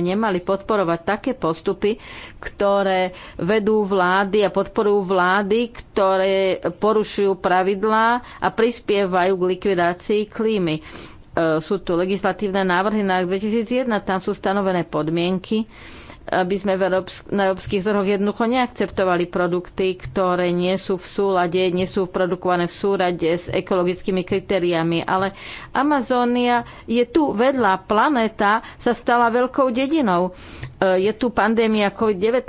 nemali podporovať také postupy, ktoré vedú vlády a podporujú vlády, ktoré porušujú pravidlá a prispievajú k likvidácii klímy. E, sú tu legislatívne návrhy na 2001, tam sú stanovené podmienky, aby sme na európskych trhoch jednoducho neakceptovali produkty, ktoré nie sú v súlade, nie sú produkované v súrade s ekologickými kritériami. Ale Amazónia je tu vedľa, planéta sa stala veľkou dedinou. E, je tu pandémia COVID-19,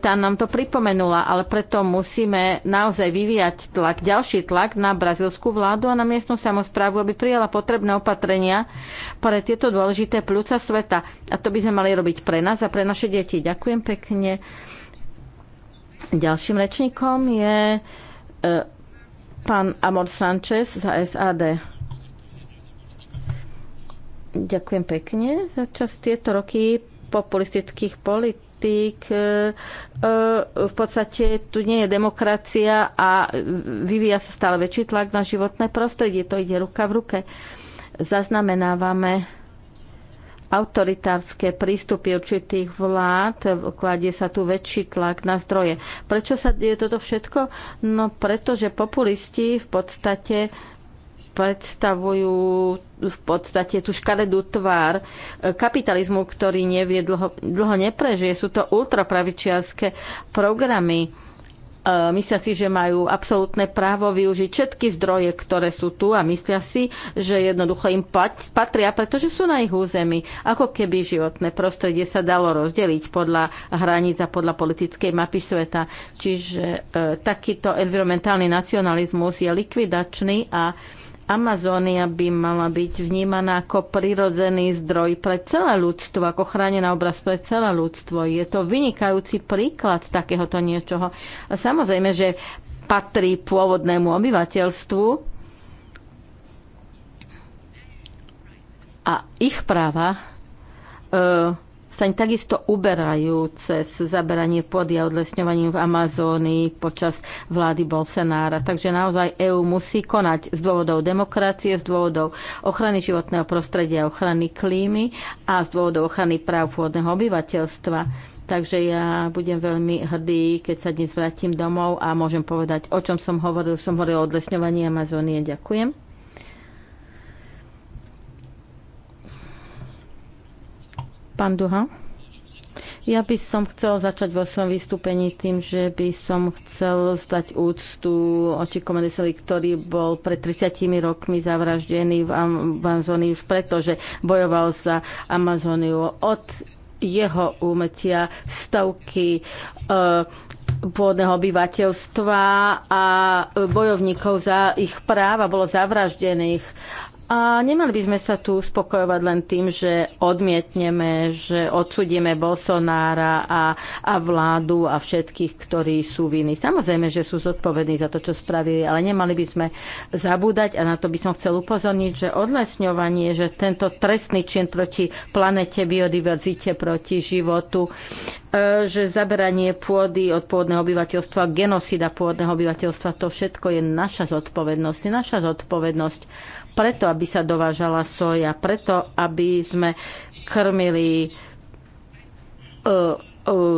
tá nám to pripomenula, ale preto musíme naozaj vyvíjať tlak, ďalší tlak na brazilskú vládu a na miestnú samozprávu, aby prijala potrebné opatrenia pre tieto dôležité pľúca sveta. A to by sme mali robiť pre nás a pre naše deti. Ďakujem pekne. Ďalším rečníkom je e, pán Amor Sanchez za SAD. Ďakujem pekne za čas tieto roky populistických politík. E, e, v podstate tu nie je demokracia a vyvíja sa stále väčší tlak na životné prostredie. To ide ruka v ruke. Zaznamenávame autoritárske prístupy určitých vlád, kladie sa tu väčší tlak na zdroje. Prečo sa je toto všetko? No pretože populisti v podstate predstavujú v podstate tú škaredú tvár e, kapitalizmu, ktorý nevie dlho, dlho neprežije. Sú to ultrapravičiarské programy. E, myslia si, že majú absolútne právo využiť všetky zdroje, ktoré sú tu a myslia si, že jednoducho im patria, pretože sú na ich území. Ako keby životné prostredie sa dalo rozdeliť podľa hraníc a podľa politickej mapy sveta. Čiže e, takýto environmentálny nacionalizmus je likvidačný a Amazónia by mala byť vnímaná ako prirodzený zdroj pre celé ľudstvo, ako chránená obraz pre celé ľudstvo. Je to vynikajúci príklad takéhoto niečoho. A samozrejme, že patrí pôvodnému obyvateľstvu a ich práva e, sa takisto uberajú cez zaberanie podia odlesňovaním v Amazónii počas vlády Bolsonára. Takže naozaj EÚ musí konať z dôvodov demokracie, z dôvodov ochrany životného prostredia, ochrany klímy a z dôvodov ochrany práv pôvodného obyvateľstva. Takže ja budem veľmi hrdý, keď sa dnes vrátim domov a môžem povedať, o čom som hovoril. Som hovoril o odlesňovaní Amazónie. Ďakujem. Pán Duha? Ja by som chcel začať vo svojom vystúpení tým, že by som chcel zdať úctu oči Komendesovi, ktorý bol pred 30 rokmi zavraždený v Amazónii už preto, že bojoval za Amazóniu. Od jeho úmetia stovky uh, pôvodného obyvateľstva a bojovníkov za ich práva bolo zavraždených a nemali by sme sa tu spokojovať len tým, že odmietneme, že odsudíme Bolsonára a, a vládu a všetkých, ktorí sú viny. Samozrejme, že sú zodpovední za to, čo spravili, ale nemali by sme zabúdať, a na to by som chcel upozorniť, že odlesňovanie, že tento trestný čin proti planete, biodiverzite, proti životu, e, že zaberanie pôdy od pôdneho obyvateľstva, genosida pôdneho obyvateľstva, to všetko je naša zodpovednosť. Naša zodpovednosť preto, aby sa dovážala soja, preto, aby sme krmili uh,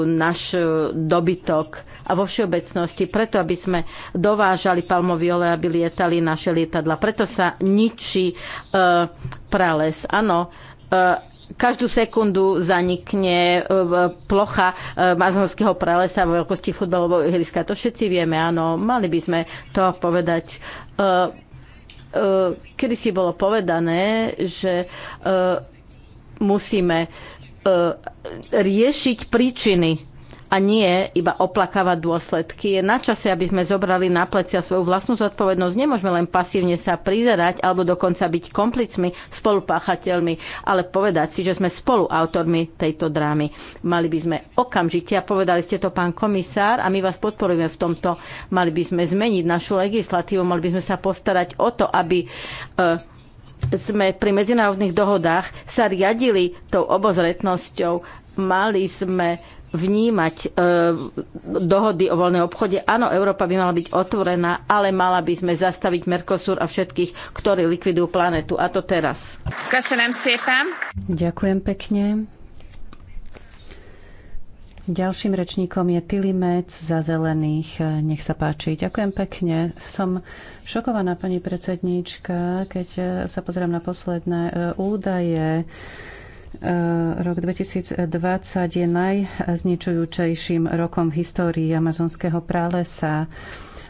náš dobytok a vo všeobecnosti, preto aby sme dovážali palmový olej, aby lietali naše lietadla. Preto sa ničí uh, prales. Áno, uh, každú sekundu zanikne plocha mazonského pralesa vo veľkosti futbalového ihriska. To všetci vieme, áno, mali by sme to povedať. Eh, kedy si bolo povedané, že eh, musíme eh, riešiť príčiny a nie iba oplakávať dôsledky. Je na čase, aby sme zobrali na plecia svoju vlastnú zodpovednosť. Nemôžeme len pasívne sa prizerať alebo dokonca byť komplicmi, spolupáchateľmi, ale povedať si, že sme spoluautormi tejto drámy. Mali by sme okamžite, a povedali ste to pán komisár, a my vás podporujeme v tomto, mali by sme zmeniť našu legislatívu, mali by sme sa postarať o to, aby e, sme pri medzinárodných dohodách sa riadili tou obozretnosťou. Mali sme vnímať e, dohody o voľnej obchode. Áno, Európa by mala byť otvorená, ale mala by sme zastaviť Mercosur a všetkých, ktorí likvidujú planetu. A to teraz. Ďakujem pekne. Ďalším rečníkom je Mec za zelených. Nech sa páči. Ďakujem pekne. Som šokovaná, pani predsednička, keď sa pozriem na posledné e, údaje Ehm, rok 2020 je najzničujúcejším rokom v histórii amazonského pralesa.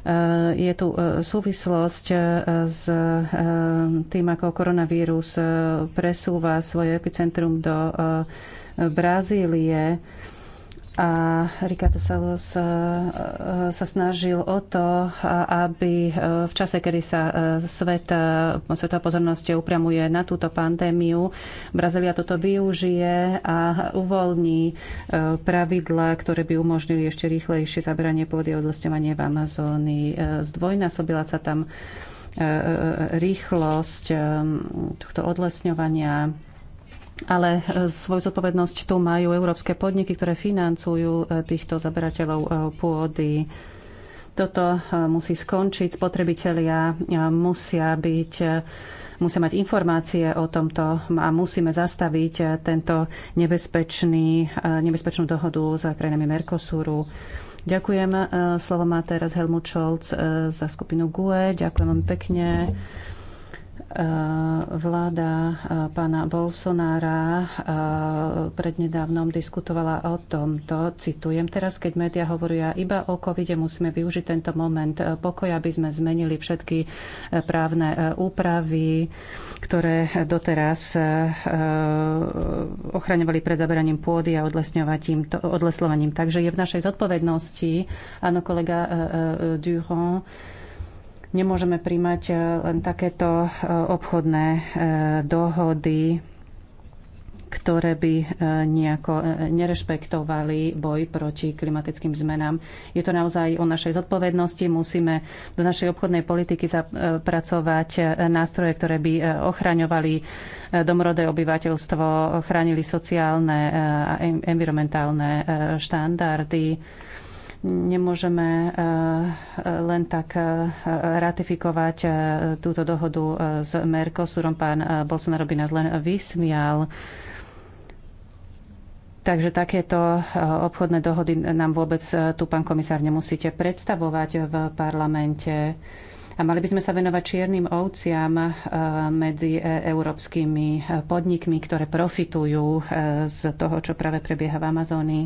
Ehm, je tu e, súvislosť e, s ehm, tým, ako koronavírus e, presúva svoje epicentrum do Brazílie a Ricardo Salos e, e, sa snažil o to, aby e, v čase, kedy sa svet, svetová pozornosť upriamuje na túto pandémiu, Brazília toto využije a uvoľní pravidla, ktoré by umožnili ešte rýchlejšie zabranie pôdy a odlesňovanie v Amazónii. Zdvojnásobila sa tam rýchlosť tohto odlesňovania ale e, svoju zodpovednosť tu majú európske podniky, ktoré financujú e, týchto zaberateľov e, pôdy. Toto musí skončiť. Spotrebitelia musia byť musia mať informácie o tomto a musíme zastaviť tento nebezpečný, nebezpečnú dohodu s krajinami Mercosuru. Ďakujem. Slovo má teraz Helmut Scholz za skupinu GUE. Ďakujem veľmi pekne. Eh, vláda eh, pána Bolsonára eh, prednedávnom diskutovala o tomto. Citujem teraz, keď médiá hovoria iba o covide, musíme využiť tento moment pokoja, aby sme zmenili všetky právne úpravy, ktoré doteraz ochraňovali pred zaberaním pôdy a odlesňovaním. Takže je v našej zodpovednosti, áno kolega Durand, Nemôžeme príjmať e, len takéto e, obchodné e, dohody, ktoré by nejako nerešpektovali boj proti klimatickým zmenám. Je to naozaj o našej zodpovednosti. Musíme do našej obchodnej politiky zapracovať nástroje, ktoré by ochraňovali domorodé obyvateľstvo, chránili sociálne a environmentálne štandardy Nemôžeme e, e, len tak e, ratifikovať túto dohodu s Mercosurom. Pán Bolsonaro by nás len vysmial. Takže takéto obchodné dohody nám vôbec tu, pán komisár, nemusíte predstavovať v parlamente. A mali by sme sa venovať čiernym ovciam medzi európskymi podnikmi, ktoré profitujú z toho, čo práve prebieha v Amazónii.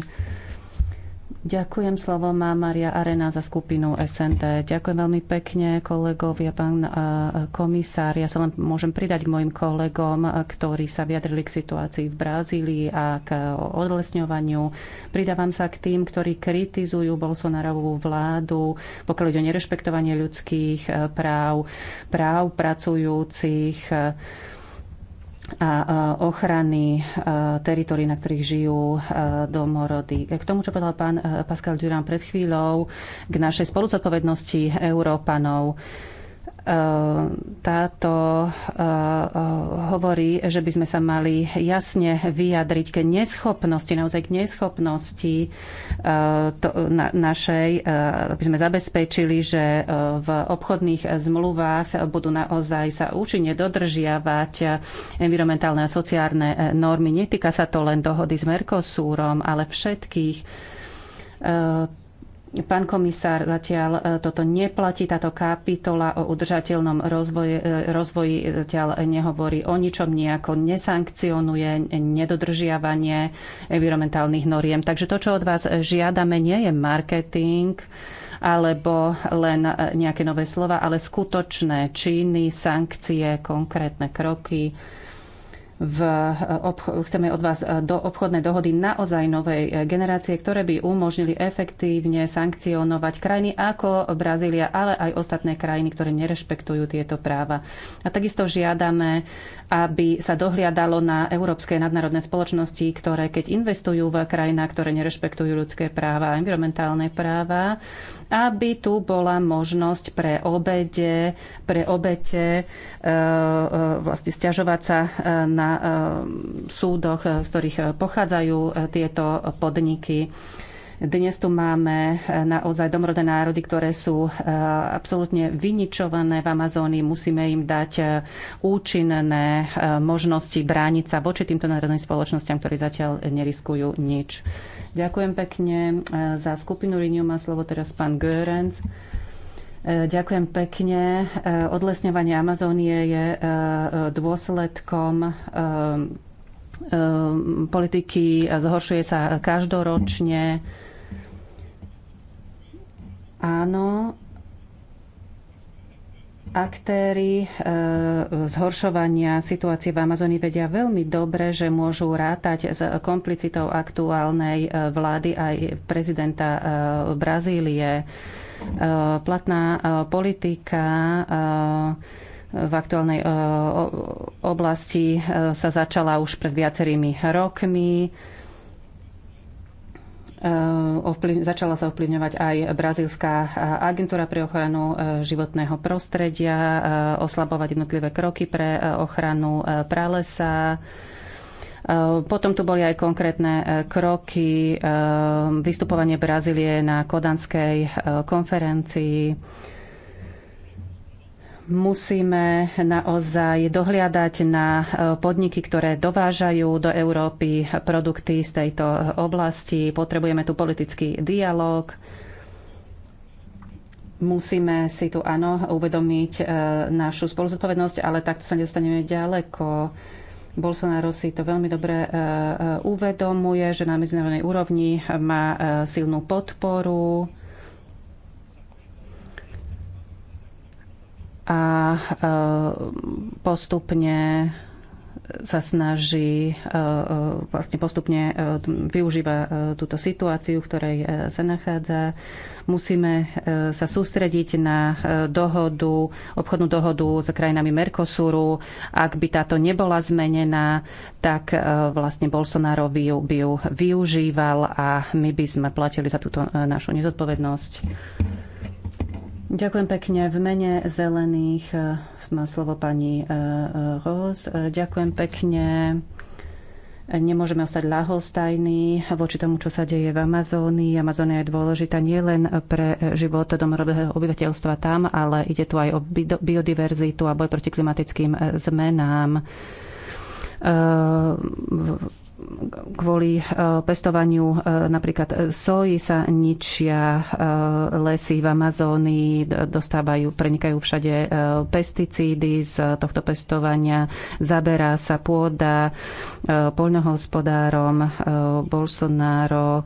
Ďakujem, slovo má Maria Arena za skupinu SNT. Ďakujem veľmi pekne kolegovia, pán komisár. Ja sa len môžem pridať k mojim kolegom, ktorí sa vyjadrili k situácii v Brazílii a k odlesňovaniu. Pridávam sa k tým, ktorí kritizujú Bolsonarovú vládu, pokiaľ ide o nerešpektovanie ľudských eh, práv, práv pracujúcich eh, a ochrany teritórií, na ktorých žijú domorody. K tomu, čo povedal pán Pascal Durán pred chvíľou, k našej spoluzodpovednosti Európanov E, táto e, e, hovorí, že by sme sa mali jasne vyjadriť k neschopnosti, naozaj k neschopnosti to, na, našej, aby sme zabezpečili, že v obchodných zmluvách budú naozaj sa účinne dodržiavať environmentálne a sociálne normy. Netýka sa to len dohody s Mercosúrom, ale všetkých Pán komisár, zatiaľ e, toto neplatí, táto kapitola o udržateľnom rozvoji, e, rozvoji zatiaľ nehovorí o ničom, nejako nesankcionuje nedodržiavanie environmentálnych noriem. Takže to, čo od vás žiadame, nie je marketing alebo len e, nejaké nové slova, ale skutočné činy, sankcie, konkrétne kroky v chceme od vás eh, do obchodné dohody naozaj novej eh, generácie, ktoré by umožnili efektívne sankcionovať krajiny ako Brazília, ale aj ostatné krajiny, ktoré nerešpektujú tieto práva. A takisto žiadame, aby sa dohliadalo na európske nadnárodné spoločnosti, ktoré keď investujú v krajinách, ktoré nerešpektujú ľudské práva a environmentálne práva, aby tu bola možnosť pre obede, pre obete e, e, vlastne stiažovať sa na na eh, súdoch, eh, z ktorých eh, pochádzajú tieto podniky. Dnes tu máme naozaj domorodé národy, ktoré sú absolútne vyničované v Amazónii. Musíme im dať účinné možnosti brániť sa voči týmto národným spoločnosťam, ktorí zatiaľ neriskujú nič. Ďakujem pekne za skupinu Renew. Má slovo teraz pán Görens. E, ďakujem pekne. E, odlesňovanie Amazónie je e, dôsledkom politiky, zhoršuje sa každoročne. Áno, aktéry zhoršovania situácie v Amazonii vedia veľmi dobre, že môžu rátať s komplicitou aktuálnej vlády aj prezidenta Brazílie. Eh, platná eh, politika eh, v aktuálnej oblasti sa začala už pred viacerými rokmi. Ovplyv, začala sa ovplyvňovať aj Brazílska agentúra pre ochranu životného prostredia, oslabovať jednotlivé kroky pre ochranu pralesa, Eh, potom tu boli aj konkrétne eh, kroky, eh, vystupovanie Brazílie na kodanskej konferencii. Musíme naozaj dohliadať na podniky, ktoré dovážajú do Európy produkty z tejto oblasti. Potrebujeme tu politický dialog musíme si tu áno uvedomiť e, našu spoluzodpovednosť, ale takto sa nedostaneme ďaleko. Bolsonaro si to veľmi dobre e, e, uvedomuje, že na medzinárodnej úrovni má e, silnú podporu. A postupne sa snaží e, e, vlastne postupne e, využíva túto situáciu, v ktorej sa nachádza. Musíme sa sústrediť na dohodu, obchodnú dohodu s krajinami Mercosuru. Ak by táto nebola zmenená, tak vlastne Bolsonaro by ju, by ju využíval a my by sme platili za túto našu nezodpovednosť. Ďakujem pekne. V mene zelených e, má slovo pani e, e, Roz. Ďakujem pekne. Nemôžeme ostať ľahostajní voči tomu, čo sa deje v Amazónii. Amazónia je dôležitá nielen pre život domorodého obyvateľstva tam, ale ide tu aj o biodiverzitu a boj proti klimatickým zmenám kvôli e, pestovaniu e, napríklad e, soji sa ničia lesy v Amazónii, dostávajú, prenikajú všade pesticídy z tohto pestovania, zaberá sa pôda poľnohospodárom, Bolsonaro,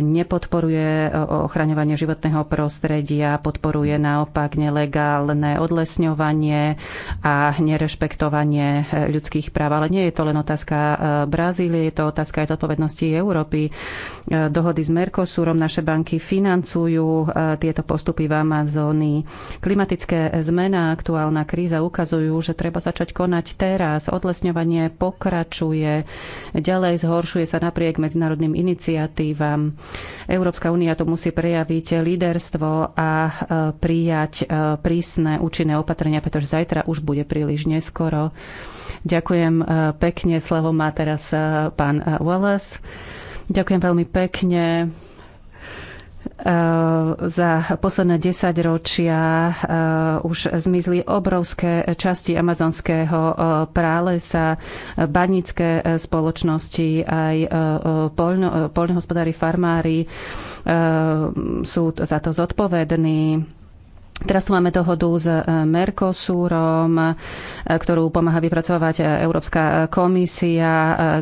nepodporuje ochraňovanie životného prostredia, podporuje naopak nelegálne odlesňovanie a nerešpektovanie e, ľudských práv. Ale nie je to len otázka e, Brazílie, je to otázka aj zodpovednosti Európy. E, dohody s Mercosurom naše banky financujú tieto postupy v Amazónii. Klimatické zmena, aktuálna kríza ukazujú, že treba začať konať teraz. Odlesňovanie pokračuje, ďalej zhoršuje sa napriek medzinárodným iniciatívam výzvam. Európska únia to musí prejaviť líderstvo a e, prijať e, prísne účinné opatrenia, pretože zajtra už bude príliš neskoro. Ďakujem e, pekne. Slovo má teraz pán Wallace. Ďakujem veľmi pekne za posledné 10 ročia eh, už zmizli obrovské časti amazonského eh, prálesa, badnické eh, spoločnosti, aj poľnohospodári, farmári sú za to zodpovední Teraz tu máme dohodu s e, Mercosurom, e, ktorú pomáha vypracovať e, Európska komisia,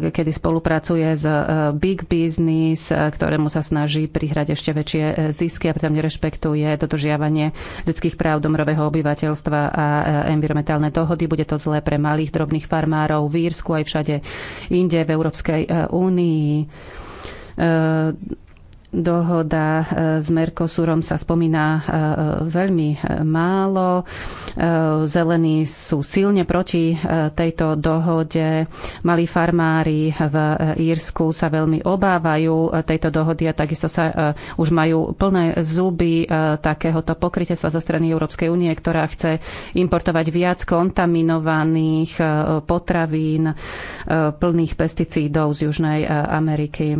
kedy spolupracuje s Big Business, ktorému sa snaží prihrať ešte väčšie zisky a pritom nerešpektuje dodržiavanie ľudských práv domorového obyvateľstva a environmentálne dohody. Bude to zlé pre malých drobných farmárov v Írsku aj všade inde v Európskej únii Dohoda e, s Mercosurom sa spomína e, e, veľmi málo. Zelení sú silne proti tejto dohode. Malí farmári v Írsku sa veľmi obávajú tejto dohody a takisto sa už majú plné zuby takéhoto pokrytestva zo strany Európskej únie, ktorá chce importovať viac kontaminovaných potravín plných pesticídov z Južnej Ameriky.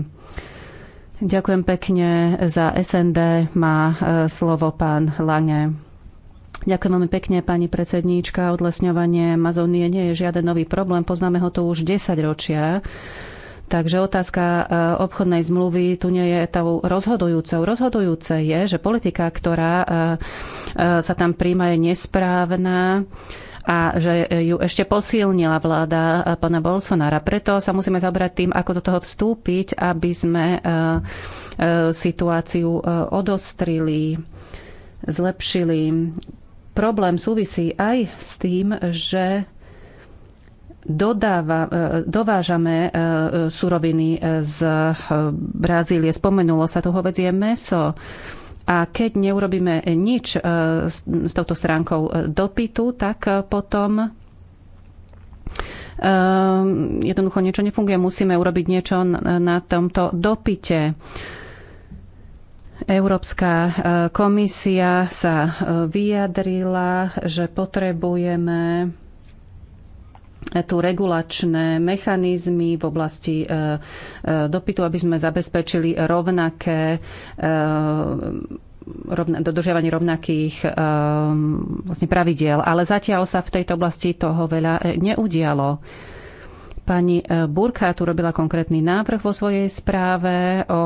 Ďakujem pekne za SND. Má e, slovo pán Lange. Ďakujem veľmi pekne, pani predsedníčka. Odlesňovanie Amazónie nie je žiaden nový problém. Poznáme ho tu už 10 ročia. Takže otázka e, obchodnej zmluvy tu nie je tou rozhodujúcou. Rozhodujúce je, že politika, ktorá e, sa tam príjma, je nesprávna a že ju ešte posilnila vláda eh, pana Bolsonára. Preto sa musíme zabrať tým, ako do toho vstúpiť, aby sme eh, eh, situáciu odostrili, zlepšili. Problém súvisí aj s tým, že dodáva, dovážame suroviny z Brazílie. Spomenulo sa tu hovedzie meso a keď neurobíme nič e, s touto stránkou e, dopytu, tak e, potom jednoducho niečo nefunguje. Musíme urobiť niečo na tomto dopite. Európska komisia sa vyjadrila, že potrebujeme tu regulačné mechanizmy v oblasti e, e, dopytu, aby sme zabezpečili rovnaké e, rovna, dodržiavanie rovnakých um, vlastne pravidiel. Ale zatiaľ sa v tejto oblasti toho veľa neudialo. Pani e, Burkhardt urobila konkrétny návrh vo svojej správe o, o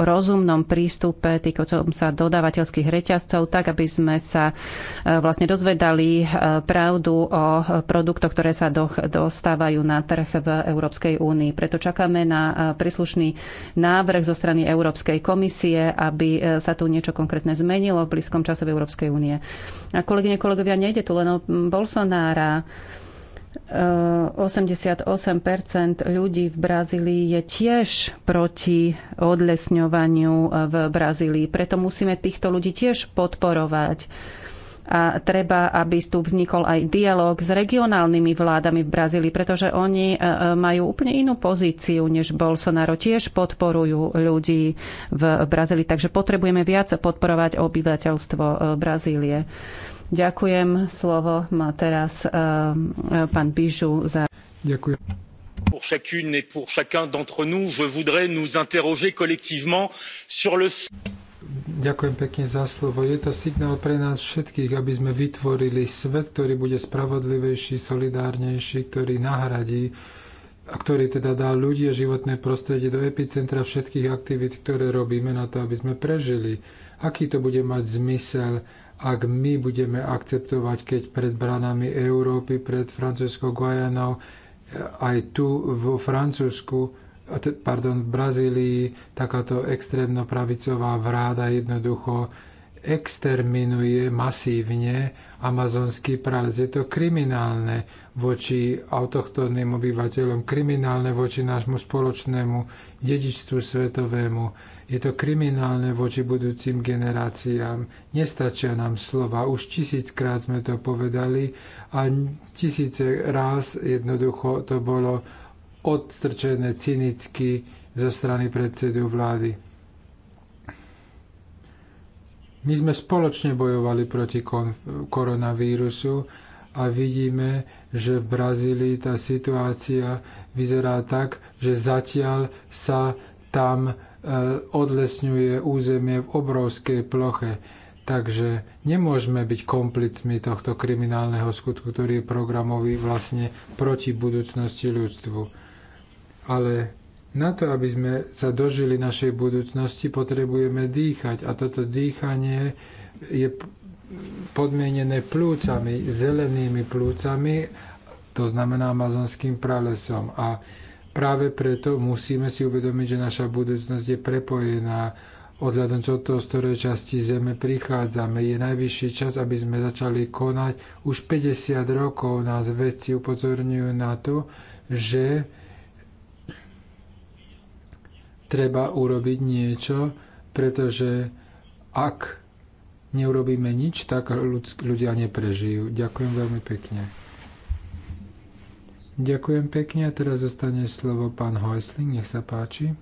rozumnom prístupe týkajúcom sa dodávateľských reťazcov, tak aby sme sa e, vlastne dozvedali e, pravdu o produktoch, ktoré sa do, dostávajú na trh v Európskej únii. Preto čakáme na príslušný návrh zo strany Európskej komisie, aby sa tu niečo konkrétne zmenilo v blízkom čase v Európskej únie. A kolegyne, kolegovia, nejde tu len o Bolsonára. 88 ľudí v Brazílii je tiež proti odlesňovaniu v Brazílii. Preto musíme týchto ľudí tiež podporovať. A treba, aby tu vznikol aj dialog s regionálnymi vládami v Brazílii, pretože oni e, e, majú úplne inú pozíciu než Bolsonaro. Tiež podporujú ľudí v Brazílii, takže potrebujeme viac podporovať obyvateľstvo e, Brazílie. Ďakujem. Slovo má teraz eh, eh, pán Bižu za... Ďakujem. Pour chacune et pour chacun d'entre nous, je voudrais nous interroger collectivement sur le... Ďakujem pekne za slovo. Je to signál pre nás všetkých, aby sme vytvorili svet, ktorý bude spravodlivejší, solidárnejší, ktorý nahradí a ktorý teda dá ľudia životné prostredie do epicentra všetkých aktivít, ktoré robíme na to, aby sme prežili. Aký to bude mať zmysel, ak my budeme akceptovať, keď pred branami Európy, pred francúzskou Guajanou, aj tu vo Francúzsku, pardon, v Brazílii takáto extrémno-pravicová vráda jednoducho exterminuje masívne amazonský prales. Je to kriminálne voči autochtónnym obyvateľom, kriminálne voči nášmu spoločnému dedičstvu svetovému je to kriminálne voči budúcim generáciám. Nestačia nám slova. Už tisíckrát sme to povedali a tisíce ráz jednoducho to bolo odstrčené cynicky zo strany predsedu vlády. My sme spoločne bojovali proti koronavírusu a vidíme, že v Brazílii tá situácia vyzerá tak, že zatiaľ sa tam Eh, odlesňuje územie v obrovskej ploche. Takže nemôžeme byť komplicmi tohto kriminálneho skutku, ktorý je programový vlastne proti budúcnosti ľudstvu. Ale na to, aby sme sa dožili našej budúcnosti, potrebujeme dýchať. A toto dýchanie je podmienené plúcami, zelenými plúcami, to znamená amazonským pralesom. A Práve preto musíme si uvedomiť, že naša budúcnosť je prepojená odhľadnúť od toho, z ktorej časti Zeme prichádzame. Je najvyšší čas, aby sme začali konať. Už 50 rokov nás vedci upozorňujú na to, že treba urobiť niečo, pretože ak neurobíme nič, tak ľudia neprežijú. Ďakujem veľmi pekne. Ďakujem pekne a teraz zostane slovo pán Heusling, nech sa páči.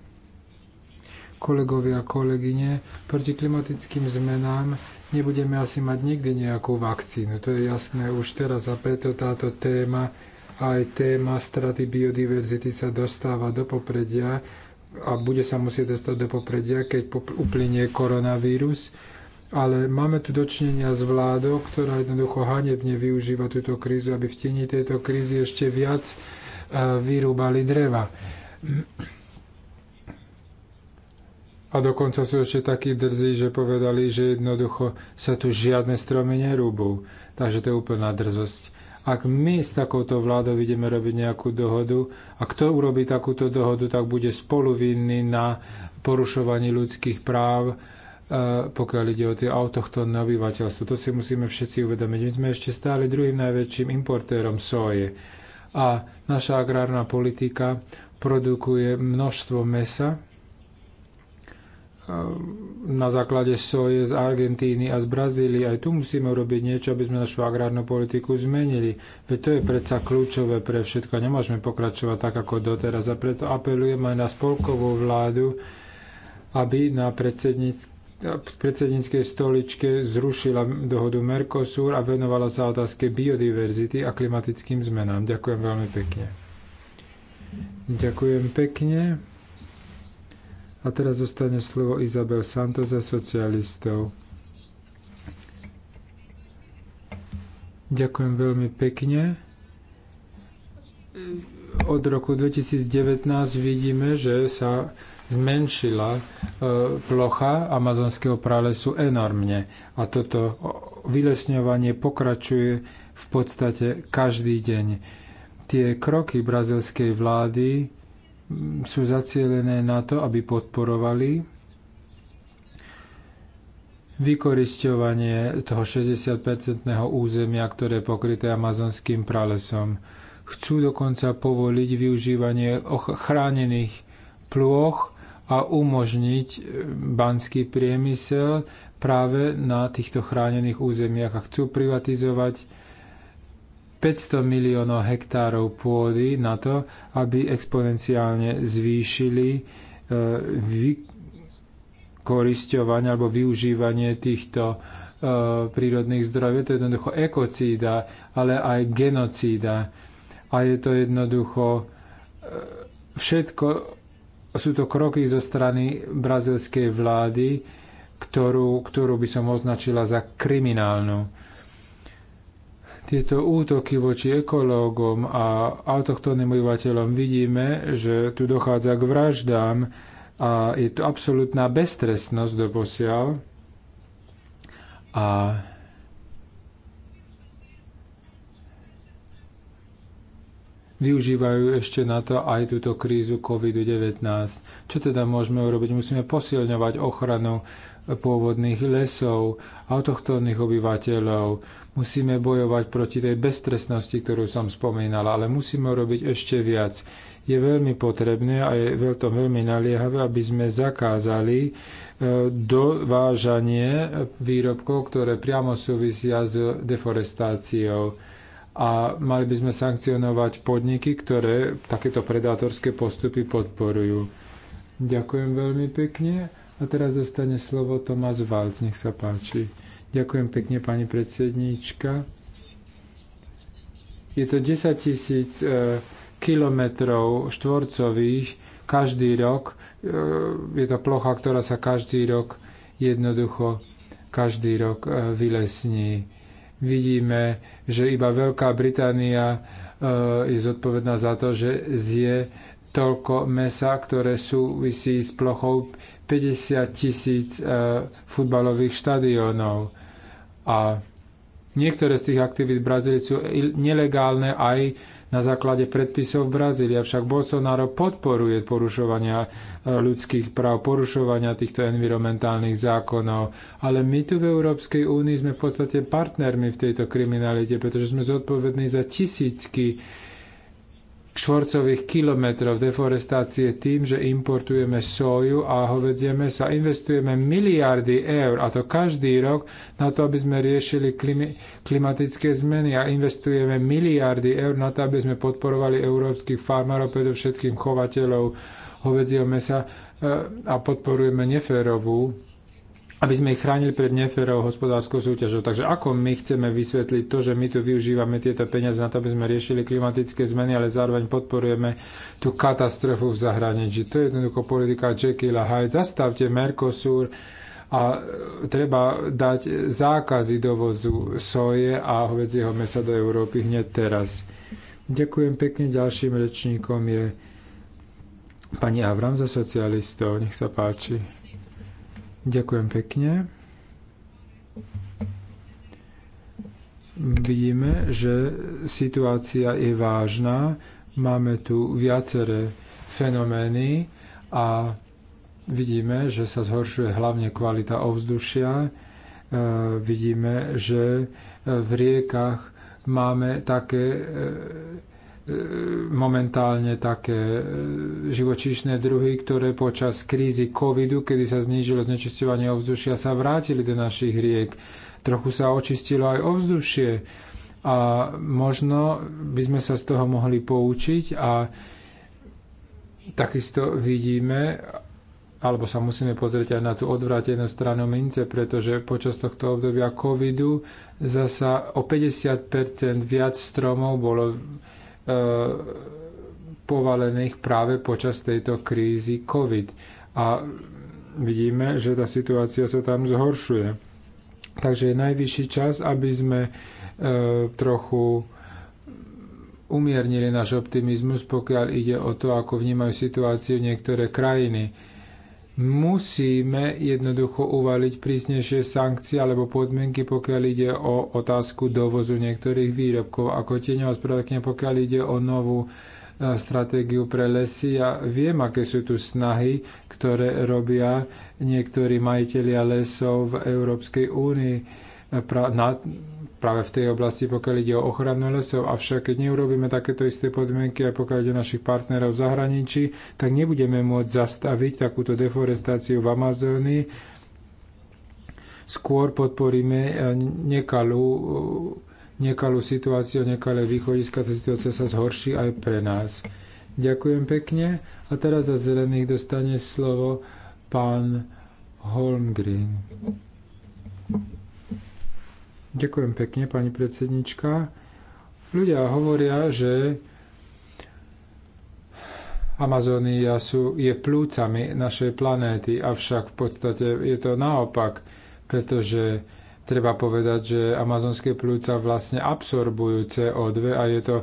Kolegovia a kolegyne, proti klimatickým zmenám nebudeme asi mať nikdy nejakú vakcínu, to je jasné už teraz a preto táto téma aj téma straty biodiverzity sa dostáva do popredia a bude sa musieť dostať do popredia, keď uplynie koronavírus ale máme tu dočinenia s vládou, ktorá jednoducho hanebne využíva túto krízu, aby v tieni tejto krízy ešte viac e, vyrúbali dreva. A dokonca sú ešte takí drzí, že povedali, že jednoducho sa tu žiadne stromy nerúbú. Takže to je úplná drzosť. Ak my s takouto vládou ideme robiť nejakú dohodu, a kto urobí takúto dohodu, tak bude spoluvinný na porušovaní ľudských práv, pokiaľ ide o tie autochtónne obyvateľstvo. To si musíme všetci uvedomiť. My sme ešte stále druhým najväčším importérom soje. A naša agrárna politika produkuje množstvo mesa na základe soje z Argentíny a z Brazílie. Aj tu musíme urobiť niečo, aby sme našu agrárnu politiku zmenili. Veď to je predsa kľúčové pre všetko. Nemôžeme pokračovať tak, ako doteraz. A preto apelujem aj na spolkovú vládu, aby na predsedníctve predsedníckej stoličke zrušila dohodu Mercosur a venovala sa otázke biodiverzity a klimatickým zmenám. Ďakujem veľmi pekne. Ďakujem pekne. A teraz zostane slovo Izabel Santos za socialistov. Ďakujem veľmi pekne. Od roku 2019 vidíme, že sa zmenšila e, plocha amazonského pralesu enormne. A toto vylesňovanie pokračuje v podstate každý deň. Tie kroky brazilskej vlády sú zacielené na to, aby podporovali vykoristovanie toho 60-percentného územia, ktoré je pokryté amazonským pralesom. Chcú dokonca povoliť využívanie chránených plôch a umožniť e, banský priemysel práve na týchto chránených územiach a chcú privatizovať 500 miliónov hektárov pôdy na to, aby exponenciálne zvýšili e, vykorisťovanie alebo využívanie týchto e, prírodných zdrojov. Je to jednoducho ekocída, ale aj genocída. A je to jednoducho všetko, sú to kroky zo strany brazilskej vlády, ktorú, ktorú by som označila za kriminálnu. Tieto útoky voči ekológom a autochtónnym obyvateľom vidíme, že tu dochádza k vraždám a je tu absolútna beztrestnosť posiaľ. A využívajú ešte na to aj túto krízu COVID-19. Čo teda môžeme urobiť? Musíme posilňovať ochranu pôvodných lesov, autochtónnych obyvateľov. Musíme bojovať proti tej beztresnosti, ktorú som spomínala, ale musíme robiť ešte viac. Je veľmi potrebné a je to veľmi naliehavé, aby sme zakázali e, dovážanie výrobkov, ktoré priamo súvisia s deforestáciou a mali by sme sankcionovať podniky, ktoré takéto predátorské postupy podporujú. Ďakujem veľmi pekne a teraz dostane slovo Tomás Valc, nech sa páči. Ďakujem pekne, pani predsedníčka. Je to 10 tisíc e, kilometrov štvorcových každý rok. E, je to plocha, ktorá sa každý rok jednoducho každý rok e, vylesní vidíme, že iba Veľká Británia e, je zodpovedná za to, že zje toľko mesa, ktoré súvisí s plochou 50 tisíc e, futbalových štadiónov. A niektoré z tých aktivít v Brazílii sú nelegálne aj na základe predpisov v Brazílii. Avšak Bolsonaro podporuje porušovania e, ľudských práv, porušovania týchto environmentálnych zákonov. Ale my tu v Európskej únii sme v podstate partnermi v tejto kriminalite, pretože sme zodpovední za tisícky štvorcových kilometrov deforestácie tým, že importujeme soju a hovedzie meso. Investujeme miliardy eur, a to každý rok, na to, aby sme riešili klimi- klimatické zmeny a investujeme miliardy eur na to, aby sme podporovali európskych farmárov, predovšetkým chovateľov hovedzieho mesa e, a podporujeme neférovú aby sme ich chránili pred neférou hospodárskou súťažou. Takže ako my chceme vysvetliť to, že my tu využívame tieto peniaze na to, aby sme riešili klimatické zmeny, ale zároveň podporujeme tú katastrofu v zahraničí. To je jednoducho politika Jekyll a Hyde. Zastavte Mercosur a e, treba dať zákazy dovozu soje a hovedzieho mesa do Európy hneď teraz. Ďakujem pekne. Ďalším rečníkom je pani Avram za socialistov. Nech sa páči. Ďakujem pekne. Vidíme, že situácia je vážna. Máme tu viaceré fenomény a vidíme, že sa zhoršuje hlavne kvalita ovzdušia. E, vidíme, že v riekach máme také e, E, momentálne také e, živočíšne druhy, ktoré počas krízy covidu, kedy sa znížilo znečisťovanie ovzdušia, sa vrátili do našich riek. Trochu sa očistilo aj ovzdušie a možno by sme sa z toho mohli poučiť a takisto vidíme, alebo sa musíme pozrieť aj na tú odvrátenú stranu mince, pretože počas tohto obdobia covidu zasa o 50% viac stromov bolo Eh, povalených práve počas tejto krízy COVID. A vidíme, že tá situácia sa tam zhoršuje. Takže je najvyšší čas, aby sme eh, trochu umiernili náš optimizmus, pokiaľ ide o to, ako vnímajú situáciu niektoré krajiny musíme jednoducho uvaliť prísnejšie sankcie alebo podmienky, pokiaľ ide o otázku dovozu niektorých výrobkov. Ako tie neospravedlňujem, pokiaľ ide o novú e, stratégiu pre lesy. Ja viem, aké sú tu snahy, ktoré robia niektorí majiteľia lesov v Európskej únii pra, na, práve v tej oblasti, pokiaľ ide o ochranu lesov. Avšak, keď neurobíme takéto isté podmienky aj pokiaľ ide o našich partnerov v zahraničí, tak nebudeme môcť zastaviť takúto deforestáciu v Amazónii. Skôr podporíme eh, nekalú, nekalú situáciu, nekalé východiska. Tá situácia sa zhorší aj pre nás. Ďakujem pekne. A teraz za zelených dostane slovo pán Holmgren. Ďakujem pekne, pani predsednička. Ľudia hovoria, že Amazónia sú, je plúcami našej planéty, avšak v podstate je to naopak, pretože treba povedať, že amazonské plúca vlastne absorbujú CO2 a je to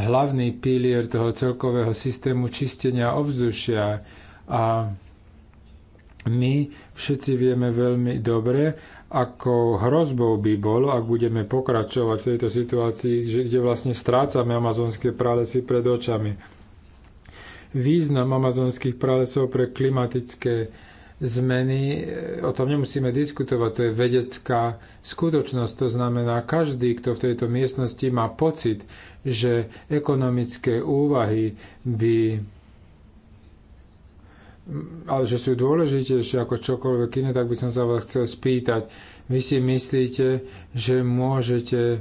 hlavný pilier toho celkového systému čistenia ovzdušia. A my všetci vieme veľmi dobre, ako hrozbou by bolo, ak budeme pokračovať v tejto situácii, že, kde vlastne strácame amazonské pralesy pred očami. Význam amazonských pralesov pre klimatické zmeny, e, o tom nemusíme diskutovať, to je vedecká skutočnosť. To znamená, každý, kto v tejto miestnosti má pocit, že ekonomické úvahy by Mm, ale že sú dôležitejšie ako čokoľvek iné, tak by som sa vás chcel spýtať. Vy si myslíte, že môžete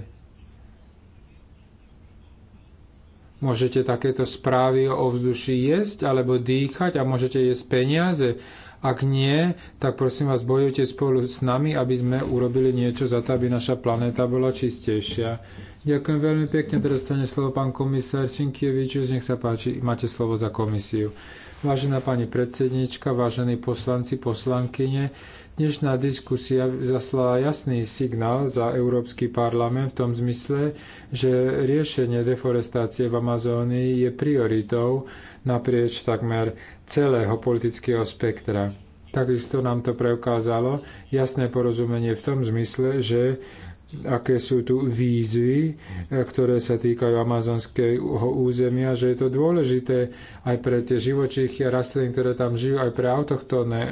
môžete takéto správy o ovzduši jesť alebo dýchať a môžete jesť peniaze? Ak nie, tak prosím vás, bojujte spolu s nami, aby sme urobili niečo za to, aby naša planéta bola čistejšia. Ďakujem veľmi pekne, teraz stane slovo pán komisár Činkievič, nech sa páči, máte slovo za komisiu. Vážená pani predsednička, vážení poslanci, poslankyne, dnešná diskusia zaslala jasný signál za Európsky parlament v tom zmysle, že riešenie deforestácie v Amazónii je prioritou naprieč takmer celého politického spektra. Takisto nám to preukázalo jasné porozumenie v tom zmysle, že aké sú tu výzvy, e, ktoré sa týkajú amazonského územia, že je to dôležité aj pre tie živočíchy a rastliny, ktoré tam žijú, aj pre autochtónne e,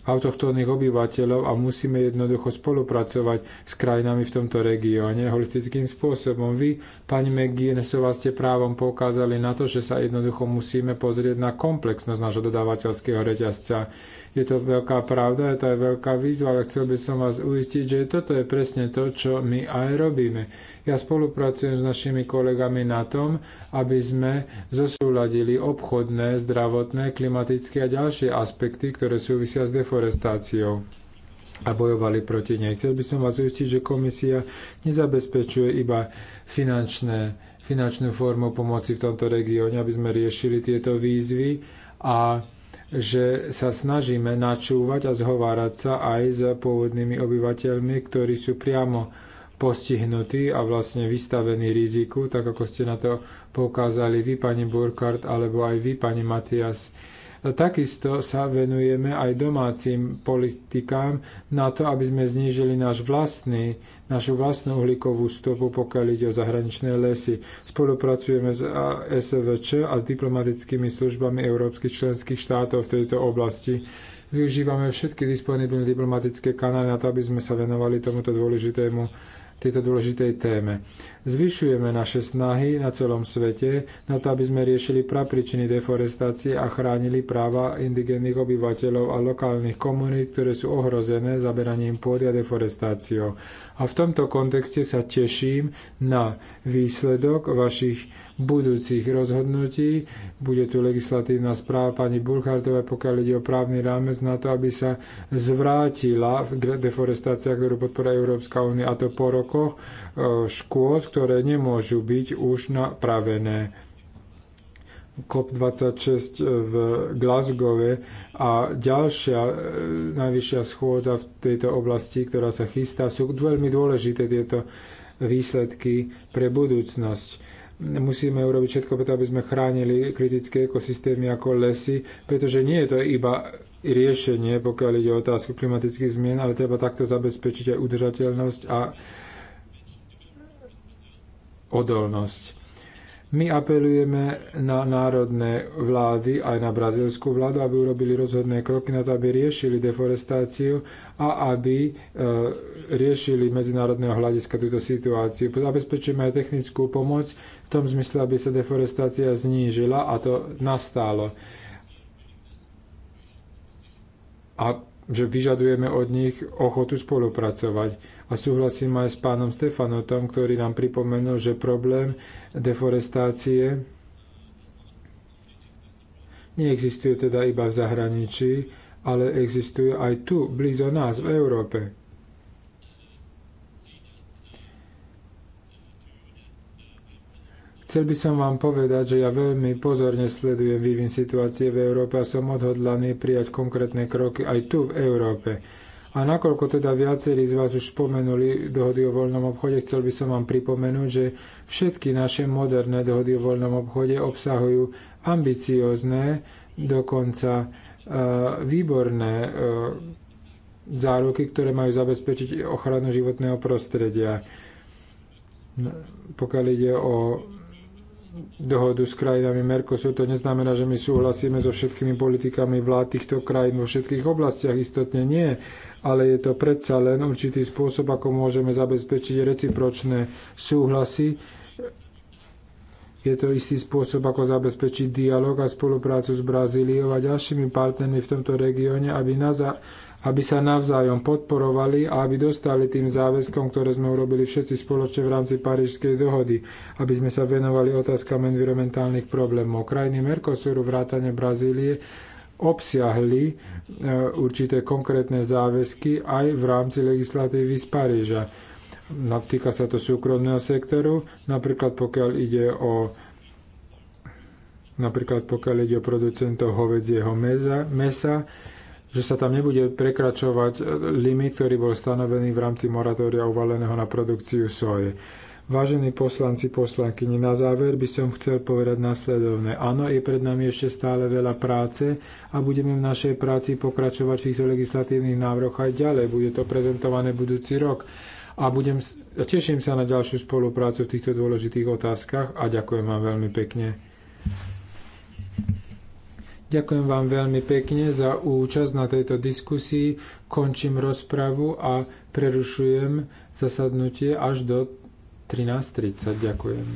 autochtónnych obyvateľov a musíme jednoducho spolupracovať s krajinami v tomto regióne holistickým spôsobom. Vy, pani McGuinnessová, ste právom poukázali na to, že sa jednoducho musíme pozrieť na komplexnosť nášho dodávateľského reťazca je to veľká pravda, je to aj veľká výzva, ale chcel by som vás uistiť, že toto je presne to, čo my aj robíme. Ja spolupracujem s našimi kolegami na tom, aby sme zosúladili obchodné, zdravotné, klimatické a ďalšie aspekty, ktoré súvisia s deforestáciou a bojovali proti nej. Chcel by som vás uistiť, že komisia nezabezpečuje iba finančné, finančnú formu pomoci v tomto regióne, aby sme riešili tieto výzvy a že sa snažíme načúvať a zhovárať sa aj s pôvodnými obyvateľmi, ktorí sú priamo postihnutí a vlastne vystavení riziku, tak ako ste na to poukázali vy, pani Burkhardt, alebo aj vy, pani Matias. Takisto sa venujeme aj domácim politikám na to, aby sme znížili náš vlastný, našu vlastnú uhlíkovú stopu, pokiaľ ide o zahraničné lesy. Spolupracujeme s SVČ a s diplomatickými službami európskych členských štátov v tejto oblasti. Využívame všetky disponibilné diplomatické kanály na to, aby sme sa venovali tomuto dôležitému tejto dôležitej téme. Zvyšujeme naše snahy na celom svete na to, aby sme riešili prapričiny deforestácie a chránili práva indigénnych obyvateľov a lokálnych komunít, ktoré sú ohrozené zaberaním pôdy a deforestáciou. A v tomto kontexte sa teším na výsledok vašich budúcich rozhodnutí. Bude tu legislatívna správa pani Bulchardová, pokiaľ ide o právny rámec na to, aby sa zvrátila deforestácia, ktorú podporuje Európska únia, a to po rokoch e, škôd, ktoré nemôžu byť už napravené. COP26 v Glasgow a ďalšia e, najvyššia schôdza v tejto oblasti, ktorá sa chystá, sú veľmi dôležité tieto výsledky pre budúcnosť musíme urobiť všetko preto, aby sme chránili kritické ekosystémy ako lesy, pretože nie je to iba riešenie, pokiaľ ide o otázku klimatických zmien, ale treba takto zabezpečiť aj udržateľnosť a odolnosť. My apelujeme na národné vlády, aj na brazilskú vládu, aby urobili rozhodné kroky na to, aby riešili deforestáciu a aby e, riešili medzinárodného hľadiska túto situáciu. Zabezpečujeme aj technickú pomoc v tom zmysle, aby sa deforestácia znížila a to nastálo. A že vyžadujeme od nich ochotu spolupracovať. A súhlasím aj s pánom Stefanotom, ktorý nám pripomenul, že problém deforestácie neexistuje teda iba v zahraničí, ale existuje aj tu, blízko nás, v Európe. Chcel by som vám povedať, že ja veľmi pozorne sledujem vývin situácie v Európe a som odhodlaný prijať konkrétne kroky aj tu v Európe. A nakoľko teda viacerí z vás už spomenuli dohody o voľnom obchode, chcel by som vám pripomenúť, že všetky naše moderné dohody o voľnom obchode obsahujú ambiciózne, dokonca e, výborné e, záruky, ktoré majú zabezpečiť ochranu životného prostredia. Pokiaľ ide o dohodu s krajinami Mercosur. To neznamená, že my súhlasíme so všetkými politikami vlád týchto krajín vo všetkých oblastiach. Istotne nie, ale je to predsa len určitý spôsob, ako môžeme zabezpečiť recipročné súhlasy. Je to istý spôsob, ako zabezpečiť dialog a spoluprácu s Brazíliou a ďalšími partnermi v tomto regióne, aby na za- aby sa navzájom podporovali a aby dostali tým záväzkom, ktoré sme urobili všetci spoločne v rámci Parížskej dohody, aby sme sa venovali otázkam environmentálnych problémov. Krajiny Mercosuru vrátane Brazílie obsiahli e, určité konkrétne záväzky aj v rámci legislatívy z Paríža. No, týka sa to súkromného sektoru, napríklad pokiaľ ide o napríklad pokiaľ ide o producentov hovedzieho mesa, mesa že sa tam nebude prekračovať e, limit, ktorý bol stanovený v rámci moratória uvaleného na produkciu soje. Vážení poslanci, poslankyni, na záver by som chcel povedať následovné. Áno, je pred nami ešte stále veľa práce a budeme v našej práci pokračovať v týchto legislatívnych návrhoch aj ďalej. Bude to prezentované budúci rok a budem, teším sa na ďalšiu spoluprácu v týchto dôležitých otázkach a ďakujem vám veľmi pekne. Ďakujem vám veľmi pekne za účasť na tejto diskusii. Končím rozpravu a prerušujem zasadnutie až do 13.30. Ďakujem.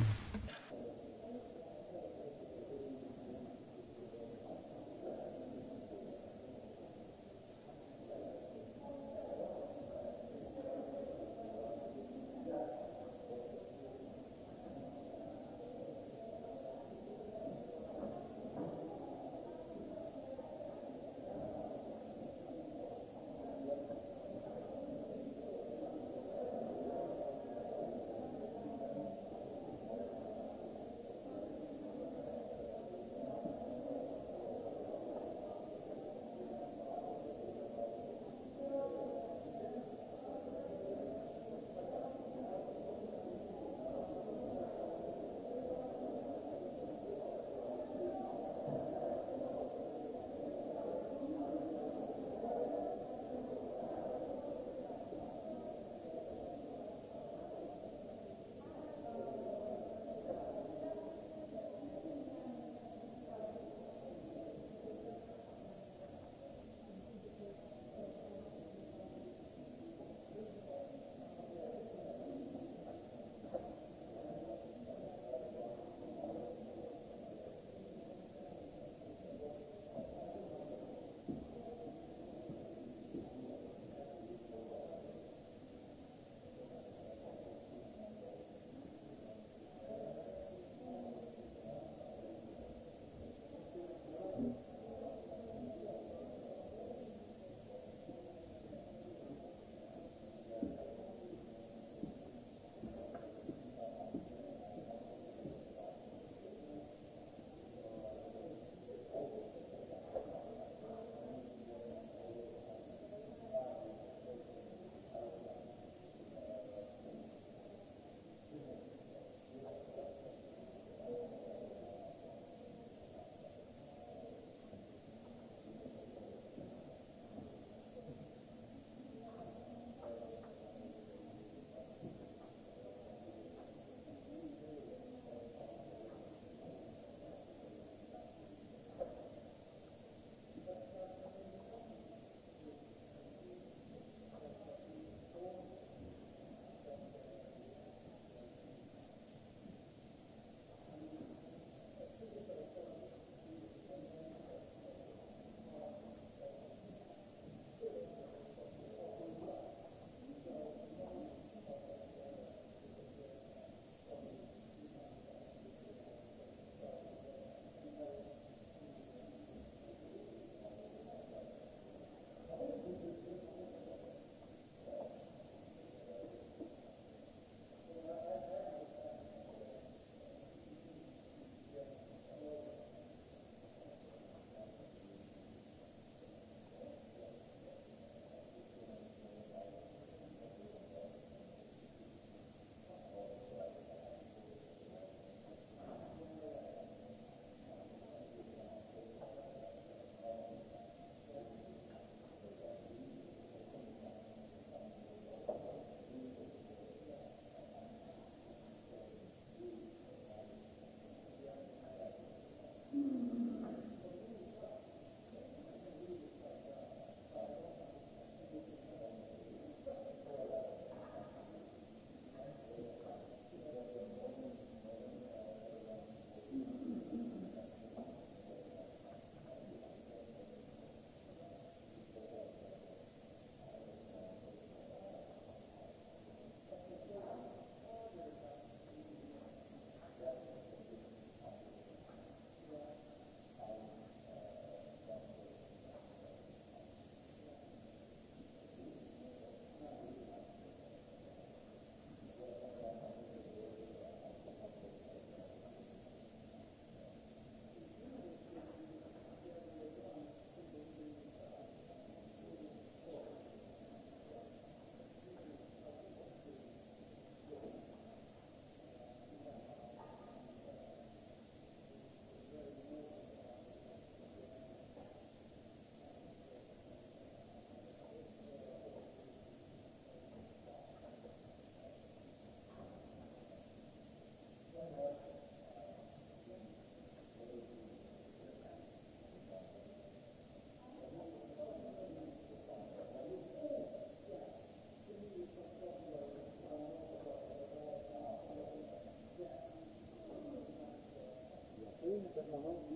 Thank you.